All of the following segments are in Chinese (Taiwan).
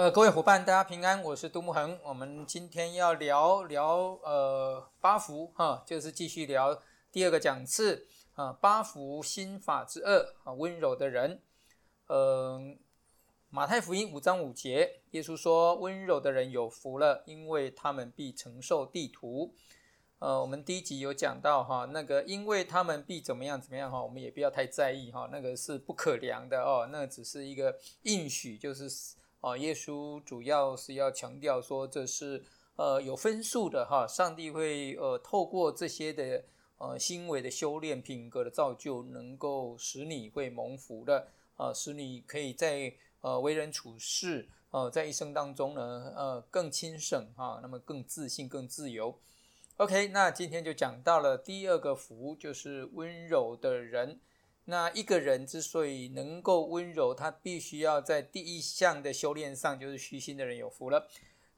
呃、各位夥伴，大家平安，我是杜慕恆。我們今天要聊聊呃八福哈，就是繼續聊第二個講次啊，八福心法之二啊，溫柔的人。嗯、呃，馬太福音五章五節，耶穌說：“溫柔的人有福了，因為他們必承受地土。”呃，我們第一集有講到哈、啊，那個因為他們必怎麼樣怎麼樣哈、啊，我們也不要太在意哈、啊，那個是不可量的哦、啊，那個、只是一個應許，就是。啊，耶穌主要是要強調說，這是呃有分數的哈，上帝會呃透過這些的呃行為的修煉、品格的造就，能夠使你會蒙福的啊，使你可以在呃為人處事呃、啊，在一生當中呢呃更輕省哈，那麼更自信、更自由。OK，那今天就講到了第二個福，就是溫柔的人。那一個人之所以能夠溫柔，他必須要在第一項的修煉上，就是虛心的人有福了。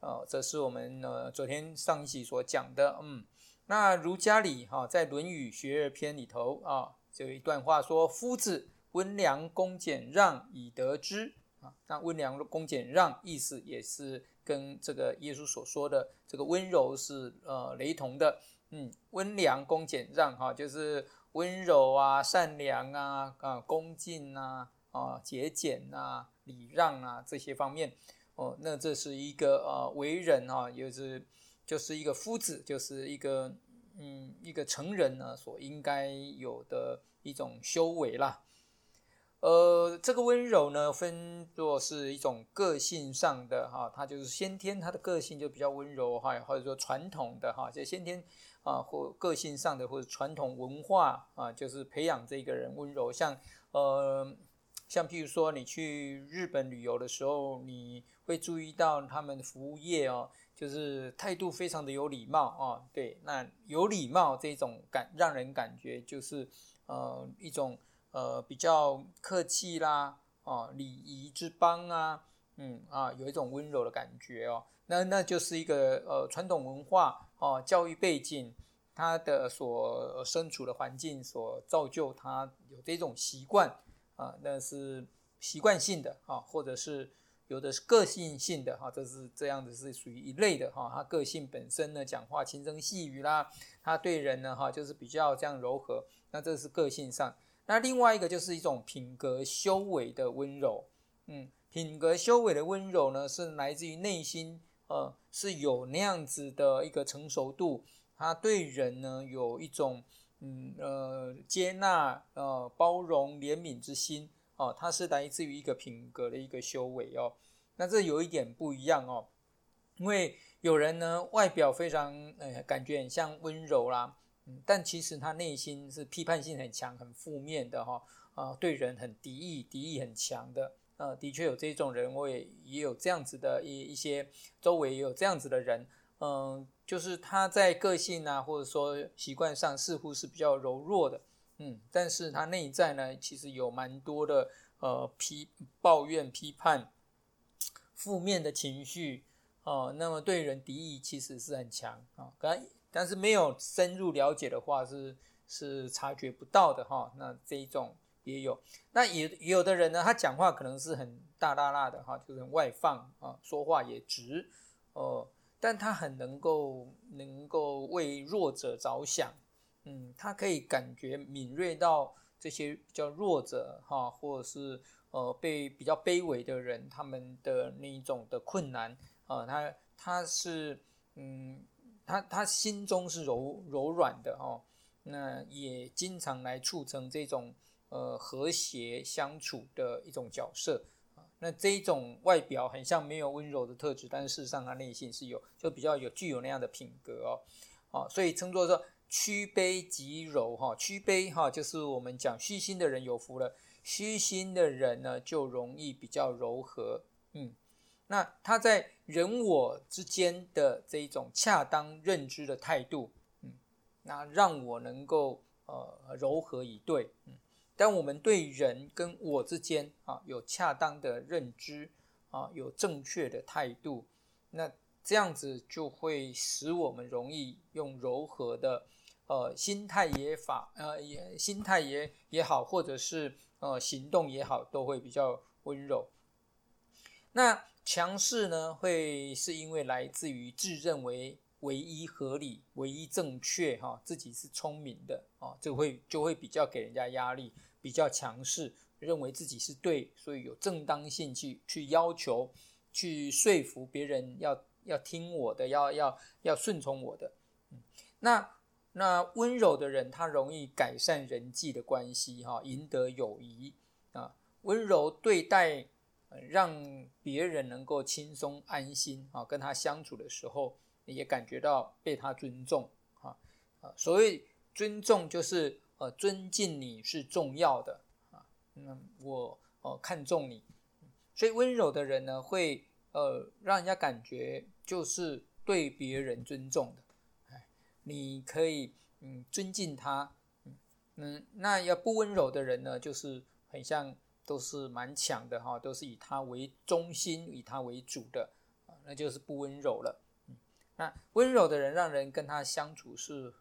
哦，這是我們呃昨天上一集所講的。嗯，那儒家裡哈，在《論語學而篇》裡頭啊，有一段話說：“夫子溫良恭儉讓以得之。”啊，那溫良恭儉讓意思也是跟這個耶穌所說的這個溫柔是呃雷同的。嗯，溫良恭儉讓哈，就是。溫柔啊，善良啊，啊，恭敬啊，啊，節儉啊，禮讓啊，這些方面，哦，那這是一個啊、呃，為人啊，也、就是就是一個夫子，就是一個嗯，一個成人呢、啊、所應該有的一種修為啦。呃，這個溫柔呢，分作是一種個性上的哈，他、啊、就是先天，他的個性就比較溫柔哈、啊，或者說傳統的哈、啊，就先天，啊，或個性上的，或者傳統文化啊，就是培養這個人溫柔。像，呃，像譬如說，你去日本旅遊的時候，你會注意到他們的服務業哦，就是態度非常的有禮貌哦。對，那有禮貌這種感，讓人感覺就是，呃，一種呃比較客氣啦，哦、啊，禮儀之邦啊，嗯啊，有一種溫柔的感覺哦。那那就是一個呃傳統文化。哦，教育背景，他的所身處的環境所造就他有這種習慣啊，那是習慣性的哈、啊，或者是有的是個性性的哈、啊，這是這樣子是屬於一類的哈、啊。他個性本身呢，講話輕聲細語啦，他對人呢哈、啊，就是比較這樣柔和，那這是個性上。那另外一個就是一種品格修為的溫柔，嗯，品格修為的溫柔呢是來自於內心。呃，是有那樣子的一個成熟度，他對人呢有一種嗯呃接納呃包容憐憫之心哦，它是來自於一個品格的一個修為哦。那這有一點不一樣哦，因為有人呢外表非常呃、哎、感覺很像溫柔啦、嗯，但其實他內心是批判性很強、很負面的哈、哦、啊，對人很敵意，敵意很強的。呃，的確有這種人，我也也有這樣子的一一些，周圍也有這樣子的人，嗯、呃，就是他在個性啊，或者說習慣上，似乎是比較柔弱的，嗯，但是他內在呢，其實有蠻多的呃批抱怨、批判、負面的情緒，哦、呃，那麼對人敵意其實是很強啊，可、哦、但是沒有深入了解的話是，是是察覺不到的哈、哦，那這一種。也有，那也有的人呢，他講話可能是很大大大的哈，就是很外放啊，說話也直哦、呃，但他很能夠能夠為弱者着想，嗯，他可以感覺敏銳到這些比較弱者哈，或者是呃被比較卑微的人他們的那一種的困難啊、呃，他他是嗯，他他心中是柔柔軟的哦，那也經常來促成這種。呃，和諧相處的一種角色，那這一種外表很像沒有溫柔的特質，但是事實上他內心是有，就比較有具有那樣的品格哦，哦所以稱作說屈卑即柔哈，屈卑哈，哦，就是我們講虛心的人有福了，虛心的人呢就容易比較柔和，嗯，那他在人我之間的這一種恰當認知的態度，嗯，那讓我能夠呃柔和以對，嗯。但我們對人跟我之間啊，有恰當的認知啊，有正確的態度，那這樣子就會使我們容易用柔和的呃心態也法呃心也心態也也好，或者是呃行動也好，都會比較溫柔。那強勢呢，會是因為來自於自認為唯一合理、唯一正確哈、啊，自己是聰明的啊，就會就會比較給人家壓力。比較強勢，認為自己是對，所以有正當性去去要求，去說服別人要要聽我的，要要要順從我的。嗯，那那溫柔的人，他容易改善人際的關係，哈，贏得友誼啊。溫柔對待，嗯、讓別人能夠輕鬆安心啊。跟他相處的時候，你也感覺到被他尊重哈，啊。所謂尊重，就是。呃，尊敬你是重要的啊，那我看重你，所以溫柔的人呢，會呃讓人家感覺就是對別人尊重的，哎，你可以嗯尊敬他，嗯那要不溫柔的人呢，就是很像都是蠻強的哈，都是以他為中心，以他為主的，那就是不溫柔了，那溫柔的人讓人跟他相處是。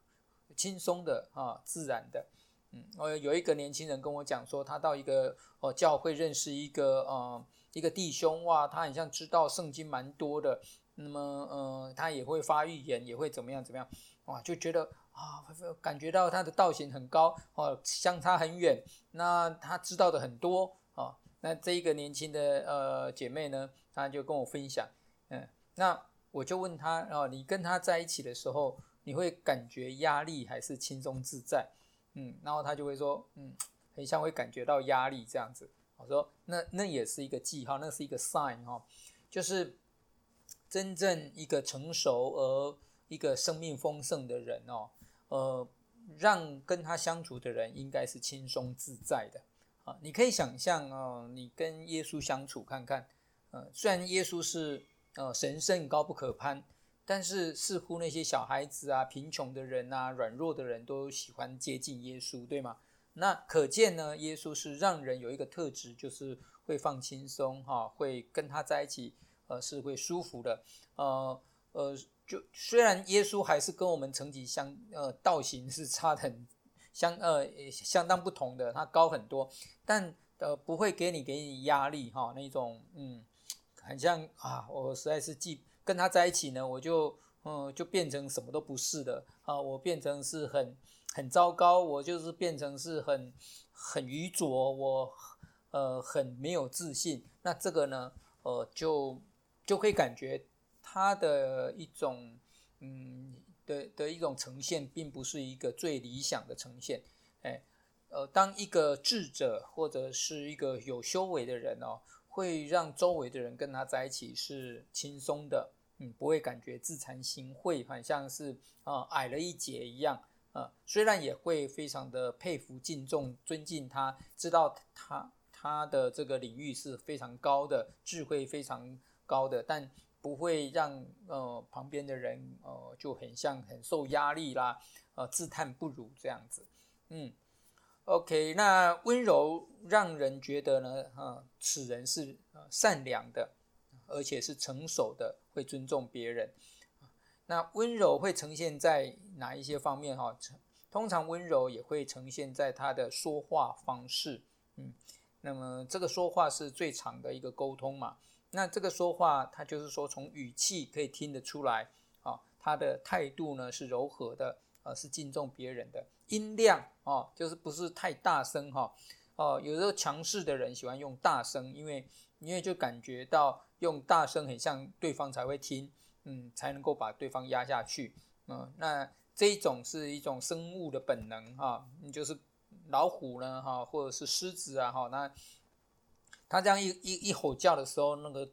輕鬆的啊、哦，自然的，嗯，我有一個年輕人跟我講說，他到一個哦教會認識一個啊、呃、一個弟兄哇，他好像知道聖經蠻多的，那麼嗯、呃，他也會發預言，也會怎麼樣怎麼樣，哇，就覺得啊、哦，感覺到他的道行很高哦，相差很遠，那他知道的很多啊、哦，那這一個年輕的呃姐妹呢，她就跟我分享，嗯，那我就問他哦，你跟他在一起的時候，你會感覺壓力還是輕鬆自在？嗯，然後他就會說，嗯，很像會感覺到壓力這樣子。我說，那那也是一個記號，那是一個 sign 哦，就是真正一個成熟而一個生命豐盛的人哦，呃，讓跟他相處的人應該是輕鬆自在的。啊，你可以想象哦，你跟耶穌相處看看，嗯、呃，雖然耶穌是呃神聖高，不可攀。但是似乎那些小孩子啊、貧窮的人啊、軟弱的人都喜歡接近耶穌，對嗎？那可見呢，耶穌是讓人有一個特質，就是會放輕鬆，哈，會跟他在一起，呃，是會舒服的，呃呃，就雖然耶穌還是跟我們成績相，呃，道型是差得很相，呃，相當不同的，他高很多，但呃，不會給你給你壓力，哈、哦，那種，嗯，很像啊，我實在是記。跟他在一起呢，我就嗯，就變成什麼都不是的啊，我變成是很很糟糕，我就是變成是很很愚拙，我呃很沒有自信。那這個呢，呃，就就可以感覺他的一種嗯的的一種呈現，並不是一個最理想的呈現。哎、欸，呃，當一個智者或者是一個有修為的人哦。會讓周圍的人跟他在一起是輕鬆的，嗯，不會感覺自慚形穢，好像是啊、呃、矮了一截一樣，啊、呃，雖然也會非常的佩服、敬重、尊敬他，知道他他的這個領域是非常高的，智慧非常高的，但不會讓呃旁邊的人、呃、就很像很受壓力啦，呃、自嘆不如這樣子，嗯。OK，那溫柔讓人覺得呢，啊，此人是呃善良的，而且是成熟的，會尊重別人。那溫柔會呈現在哪一些方面？哈，通常溫柔也會呈現在他的說話方式，嗯，那麼這個說話是最長的一個溝通嘛？那這個說話，他就是說從語氣可以聽得出來，啊，他的態度呢是柔和的。而、呃、是敬重別人的音量哦，就是不是太大聲哈、哦，哦，有時候強勢的人喜歡用大聲，因為因為就感覺到用大聲很像對方才會聽，嗯，才能夠把對方壓下去，嗯，那這一種是一種生物的本能哈、哦，你就是老虎呢哈、哦，或者是獅子啊哈、哦，那他這樣一一一吼叫的時候，那個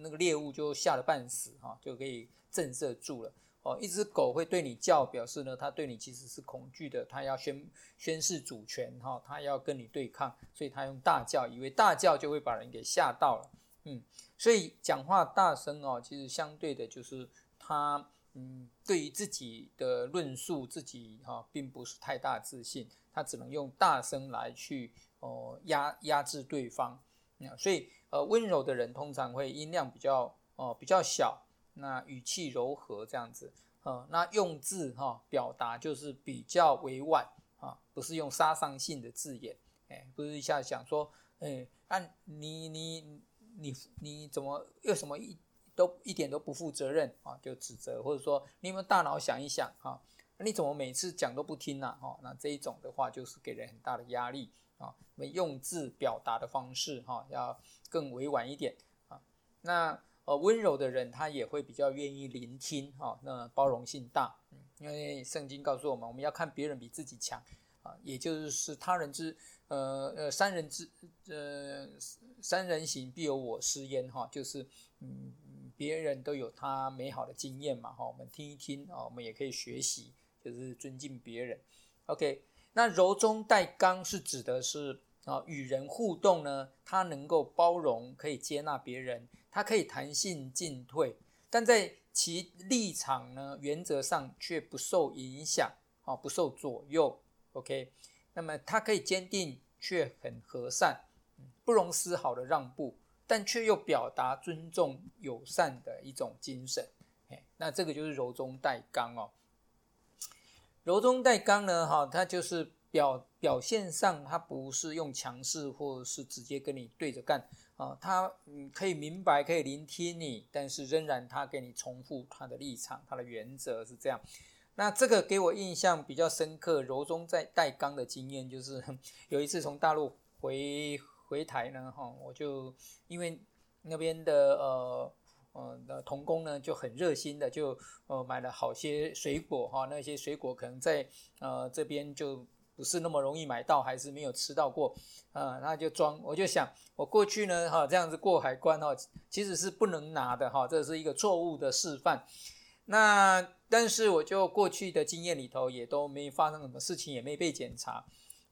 那個獵物就嚇得半死哈、哦，就可以震懾住了。哦，一隻狗會對你叫，表示呢，它對你其實是恐懼的，它要宣宣示主權，哈，它要跟你對抗，所以它用大叫，以為大叫就會把人給嚇到了，嗯，所以講話大聲哦，其實相對的，就是他，嗯，對於自己的論述，自己哈、哦，並不是太大自信，他只能用大聲來去哦壓壓制對方，那所以呃，溫柔的人通常會音量比較哦、呃、比較小。那語氣柔和這樣子啊、嗯，那用字哈、哦、表達就是比較委婉啊，不是用殺傷性的字眼，欸、不是一下想說，哎、欸，那、啊、你你你你怎麼又什麼一都一點都不負責任啊？就指責，或者說你有沒有大腦想一想哈、啊，你怎麼每次講都不聽呢、啊？哈、啊，那這一種的話就是給人很大的壓力啊，我們、嗯、用字表達的方式哈、啊、要更委婉一點啊，那。呃，溫柔的人他也會比較願意聆聽哈，那包容性大，嗯，因為聖經告訴我們，我們要看別人比自己強啊，也就是是他人之呃呃三人之呃三人行必有我師焉哈，就是嗯，別人都有他美好的經驗嘛哈，我們聽一聽哦，我們也可以學習，就是尊敬別人。OK，那柔中帶剛是指的是啊，與人互動呢，他能夠包容，可以接納別人。他可以彈性進退，但在其立場呢，原則上卻不受影響啊，不受左右。OK，那麼他可以堅定，卻很和善，不容絲毫的讓步，但卻又表達尊重友善的一種精神。那這個就是柔中帶剛哦。柔中帶剛呢，哈，它就是表表現上，它不是用強勢，或者是直接跟你對着幹。啊，他可以明白，可以聆聽你，但是仍然他給你重複他的立場，他的原則是這樣。那這個給我印象比較深刻，柔中在帶剛的經驗，就是有一次從大陸回回台呢，哈、哦，我就因為那邊的呃呃同工呢就很熱心的就呃買了好些水果哈、哦，那些水果可能在呃這邊就。不是那麼容易買到，還是沒有吃到過，啊、呃，那就裝。我就想，我過去呢，哈、啊，這樣子過海關哈、啊，其實是不能拿的哈、啊，這是一個錯誤的示範。那但是我就過去的經驗裡頭也都沒發生什麼事情，也沒被檢查。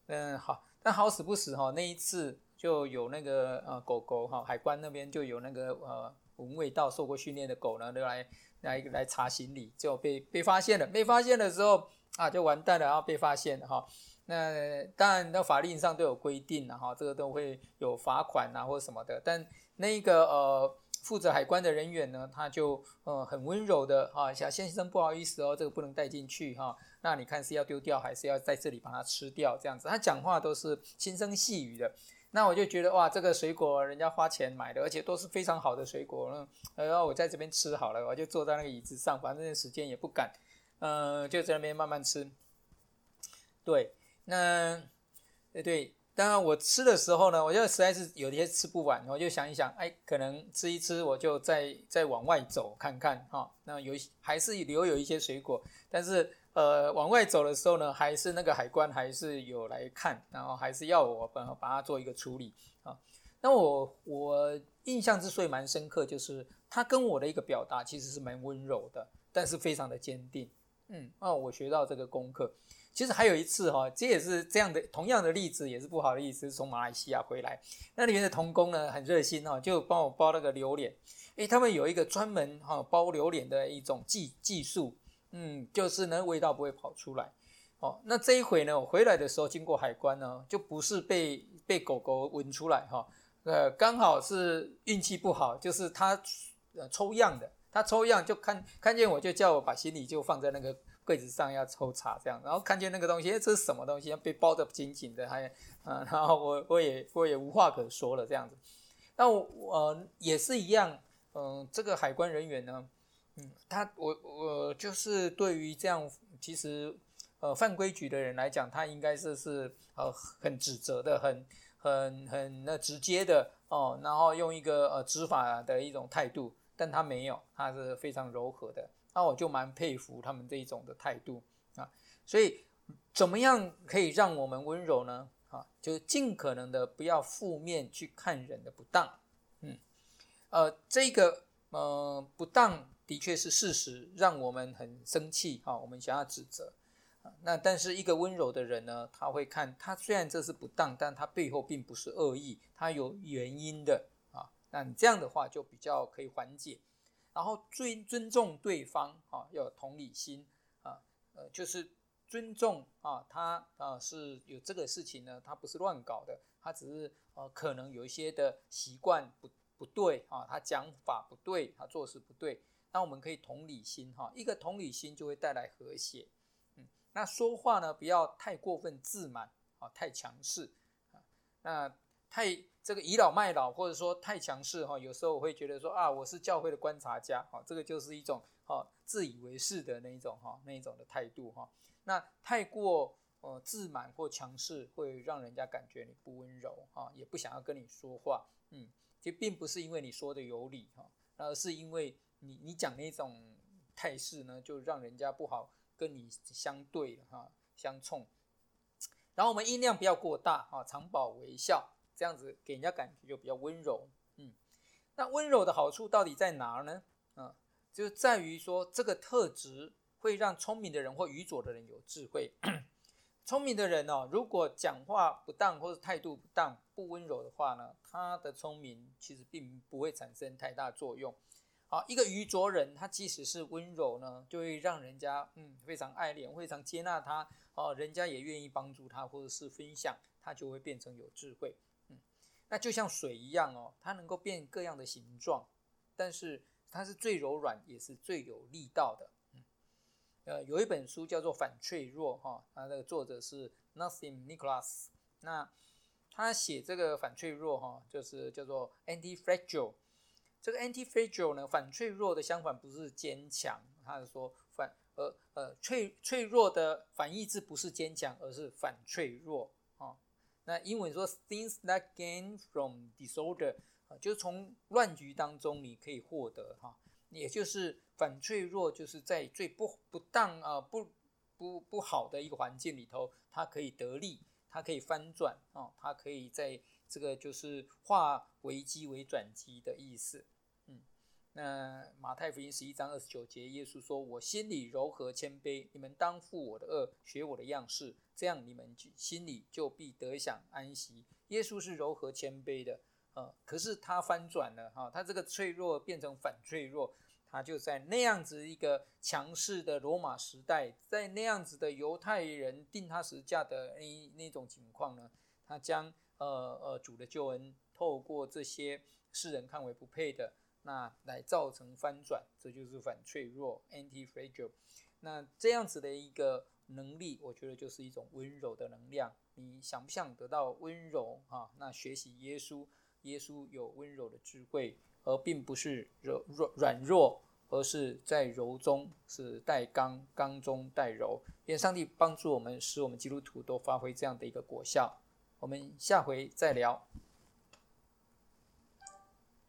嗯，好，但好死不死哈、啊，那一次就有那個呃、啊、狗狗哈、啊，海關那邊就有那個呃聞味道受過訓練的狗呢，就來來來，來查行李，就被被發現了。被發現的時候啊，就完蛋了，然後被發現了哈。啊那當然，那法令上都有規定，了哈，這個都會有罰款啊，或什麼的。但那一個呃，負責海關的人員呢，他就呃很溫柔的啊，小先生不好意思哦，這個不能帶進去哈、啊。那你看是要丟掉還是要在這裡把它吃掉？這樣子，他講話都是輕聲細語的。那我就覺得哇，這個水果人家花錢買的，而且都是非常好的水果呢。嗯，然後，哎，我在這邊吃好了，我就坐在那個椅子上，反正時間也不趕，嗯，就在那邊慢慢吃。對。那，對，當然我吃的時候呢，我就實在是有些吃不完，我就想一想，哎，可能吃一吃，我就再再往外走看看哈。那有還是留有一些水果，但是呃，往外走的時候呢，還是那個海關還是有來看，然後還是要我把把它做一個處理啊。那我我印象之所以蠻深刻，就是他跟我的一個表達其實是蠻溫柔的，但是非常的堅定。嗯，啊，我學到這個功課。其實還有一次哈、哦，這也是這樣的同樣的例子，也是不好的意思，從馬來西亞回來，那裡面的童工呢很熱心哈、哦，就幫我包那個榴蓮。他們有一個專門哈、哦、包榴蓮的一種技技術，嗯，就是呢味道不會跑出來。哦，那這一回呢，我回來的時候經過海關呢，就不是被被狗狗聞出來哈、哦，呃，剛好是運氣不好，就是他、呃、抽樣的，他抽樣就看看見我就叫我把行李就放在那個。櫃子上，要抽查這樣，然後看見那個東西，這是什麼東西？要被包得緊緊的，還，嗯、啊，然後我我也我也無話可說了這樣子。那我呃也是一樣，嗯、呃，這個海關人員呢，嗯，他我我就是對於這樣其實呃犯規矩的人來講，他應該是是呃很指責的，很很很那直接的哦，然後用一個呃執法的一種態度，但他沒有，他是非常柔和的。那我就蠻佩服他們這一種的態度啊，所以怎麼樣可以讓我們溫柔呢？啊，就盡可能的不要負面去看人的不當，嗯，呃，這個呃不當的確是事實，讓我們很生氣哈、啊，我們想要指責啊，那但是一個溫柔的人呢，他會看他雖然這是不當，但他背後並不是惡意，他有原因的啊，那你這樣的話就比較可以緩解。然後尊尊重對方啊，要有同理心啊，呃，就是尊重啊，他啊是有這個事情呢，他不是亂搞的，他只是呃、啊、可能有一些的習慣不不對啊，他講法不對，他做事不對，那我們可以同理心哈、啊，一個同理心就會帶來和諧。嗯，那說話呢，不要太過分自滿啊，太強勢啊，那太。這個倚老賣老，或者說太強勢哈、哦，有時候我會覺得說啊，我是教會的觀察家，哦，這個就是一種、哦、自以為是的那一種哈、哦，那一種的態度哈、哦。那太過呃自滿或強勢，會讓人家感覺你不溫柔哈、哦，也不想要跟你說話。嗯，其實並不是因為你說的有理哈、哦，而是因為你你講那種態勢呢，就讓人家不好跟你相對哈、哦，相衝。然後我們音量不要過大啊，常、哦、保微笑。這樣子給人家感覺就比較溫柔，嗯，那溫柔的好處到底在哪兒呢？啊、嗯，就是在於說這個特質會讓聰明的人或愚拙的人有智慧。聰 明的人哦，如果講話不當或者態度不當不溫柔的話呢，他的聰明其實並不會產生太大作用。好，一個愚拙人，他即使是溫柔呢，就會讓人家嗯非常愛戀、非常接納他哦，人家也願意幫助他或者是，是分享，他就會變成有智慧。那就像水一樣哦，它能夠變各樣的形狀，但是它是最柔軟，也是最有力道的。嗯，呃，有一本書叫做《反脆弱》哈，它這個作者是 Nassim Nicholas。那他寫這個反脆弱哈，就是叫做 Anti-Fragile。這個 Anti-Fragile 呢，反脆弱的相反不是堅強，他是說反呃呃脆脆弱的反義字不是堅強，而是反脆弱啊。哦那英文說，things that gain from disorder 啊，就是從亂局當中你可以獲得哈，也就是反脆弱，就是在最不不當啊，不不不好的一個環境裡頭，它可以得利，它可以翻轉啊，它可以在這個就是化危機為轉機的意思。那馬太福音十一章二十九節，耶穌說：“我心裡柔和謙卑，你們當負我的軛，學我的樣式，這樣你們心裡就必得享安息。”耶穌是柔和謙卑的，呃，可是他翻轉了哈、哦，他這個脆弱變成反脆弱，他就在那樣子一個強勢的羅馬時代，在那樣子的猶太人定他十架的那那種情況呢，他將呃呃主的救恩透過這些世人看為不配的。那來造成翻轉，這就是反脆弱 （anti-fragile）。那這樣子的一個能力，我覺得就是一種溫柔的能量。你想不想得到溫柔啊？那學習耶穌，耶穌有溫柔的智慧，而並不是柔弱軟弱，而是在柔中是帶剛，剛中帶柔。願上帝幫助我們，使我們基督徒都發揮這樣的一個果效。我們下回再聊。